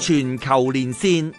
全球連線，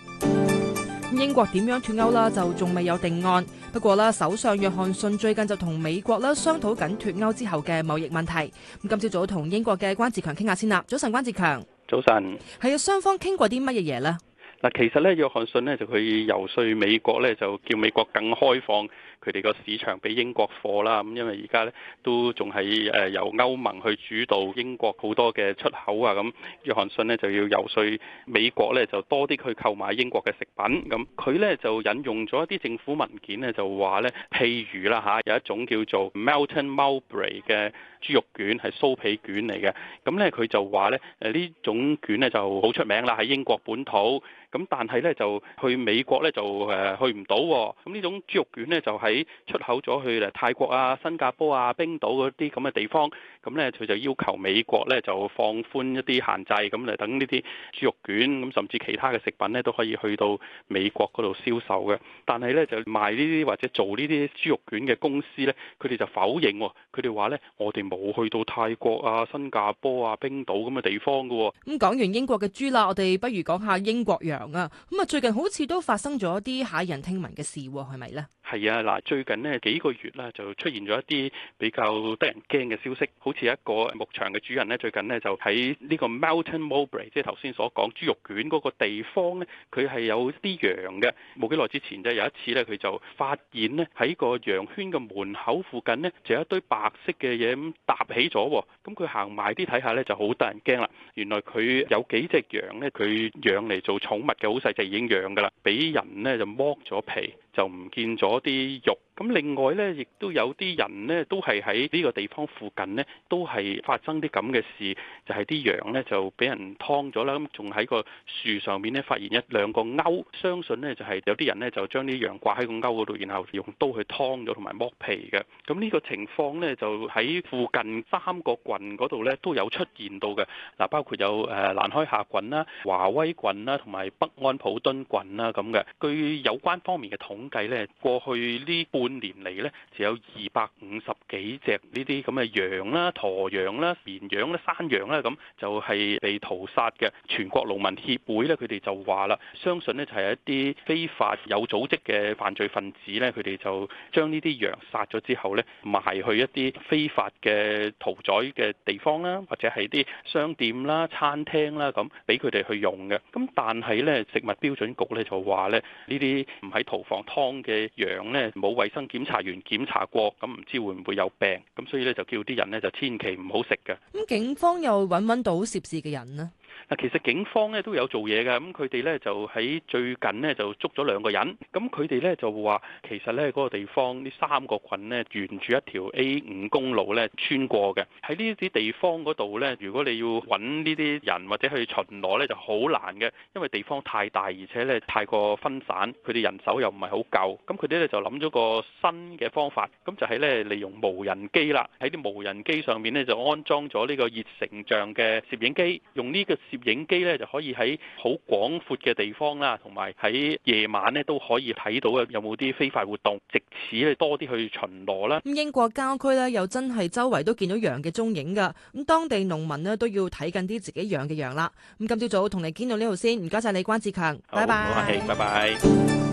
英國點樣脫歐啦？就仲未有定案。不過啦，首相約翰遜最近就同美國啦商討緊脫歐之後嘅貿易問題。咁今朝早同英國嘅關志強傾下先啦。早晨，關志強。早晨。係啊，雙方傾過啲乜嘢嘢呢？嗱，其實咧，約翰遜咧就去遊說美國咧，就叫美國更開放佢哋個市場俾英國貨啦。咁因為而家咧都仲喺誒由歐盟去主導英國好多嘅出口啊。咁約翰遜咧就要遊說美國咧，就多啲去購買英國嘅食品。咁佢咧就引用咗一啲政府文件咧，就話咧，譬如啦嚇、啊，有一種叫做 Melton Mowbray 嘅豬肉卷係酥皮卷嚟嘅。咁咧佢就話咧，誒呢種卷咧就好出名啦，喺英國本土。咁但係咧就去美國咧就誒去唔到，咁呢種豬肉卷咧就喺出口咗去誒泰國啊、新加坡啊、冰島嗰啲咁嘅地方，咁咧佢就要求美國咧就放寬一啲限制，咁嚟，等呢啲豬肉卷，咁甚至其他嘅食品咧都可以去到美國嗰度銷售嘅。但係咧就賣呢啲或者做呢啲豬肉卷嘅公司咧，佢哋就否認，佢哋話咧，我哋冇去到泰國啊、新加坡啊、冰島咁嘅地方噶。咁講完英國嘅豬啦，我哋不如講下英國羊。啊，咁啊，最近好似都發生咗啲駭人聽聞嘅事，係咪咧？係啊，嗱，最近呢幾個月啦，就出現咗一啲比較得人驚嘅消息，好似一個牧場嘅主人呢，最近呢，就喺呢個 Melton Mowbray，即係頭先所講豬肉卷嗰個地方呢，佢係有啲羊嘅。冇幾耐之前呢，有一次呢，佢就發現呢，喺個羊圈嘅門口附近呢，就有一堆白色嘅嘢咁搭起咗。咁佢行埋啲睇下呢，就好得人驚啦。原來佢有幾隻羊呢，佢養嚟做寵物嘅，好細隻已經養噶啦，俾人呢，就剝咗皮。就唔見咗啲肉。咁另外呢，亦都有啲人呢都係喺呢個地方附近呢都係發生啲咁嘅事，就係啲羊呢就俾人劏咗啦。咁仲喺個樹上面呢發現一兩個鈎，相信呢就係有啲人呢就將啲羊掛喺個鈎嗰度，然後用刀去劏咗同埋剝皮嘅。咁呢個情況呢就喺附近三個郡嗰度呢都有出現到嘅。嗱，包括有誒蘭開夏郡啦、華威郡啦，同埋北安普敦郡啦咁嘅。據有關方面嘅統計呢，過去呢半。年嚟呢就有二百五十幾隻呢啲咁嘅羊啦、駝羊啦、綿羊啦、山羊啦，咁就係被屠殺嘅。全國農民協會咧，佢哋就話啦，相信呢就係一啲非法有組織嘅犯罪分子呢，佢哋就將呢啲羊殺咗之後呢，賣去一啲非法嘅屠宰嘅地方啦，或者係啲商店啦、餐廳啦咁，俾佢哋去用嘅。咁但係呢，食物標準局咧就話呢：「呢啲唔喺屠房劏嘅羊呢，冇衛生。檢查員檢查過咁，唔知會唔會有病咁，所以咧就叫啲人咧就千祈唔好食嘅。咁警方又揾揾到涉事嘅人咧？嗱，其實警方咧都有做嘢㗎，咁佢哋咧就喺最近咧就捉咗兩個人，咁佢哋咧就話其實咧嗰個地方呢三個群咧沿住一條 A 五公路咧穿過嘅，喺呢啲地方嗰度咧，如果你要揾呢啲人或者去巡邏咧就好難嘅，因為地方太大而且咧太過分散，佢哋人手又唔係好夠，咁佢哋咧就諗咗個新嘅方法，咁就係咧利用無人機啦，喺啲無人機上面咧就安裝咗呢個熱成像嘅攝影機，用呢個。攝影機咧就可以喺好廣闊嘅地方啦，同埋喺夜晚呢都可以睇到有冇啲非法活動，藉此咧多啲去巡邏啦。咁英國郊區呢又真係周圍都見到羊嘅蹤影㗎。咁當地農民呢都要睇緊啲自己養嘅羊啦。咁今朝早同你見到呢度先，唔該晒你關志強，拜拜。拜拜。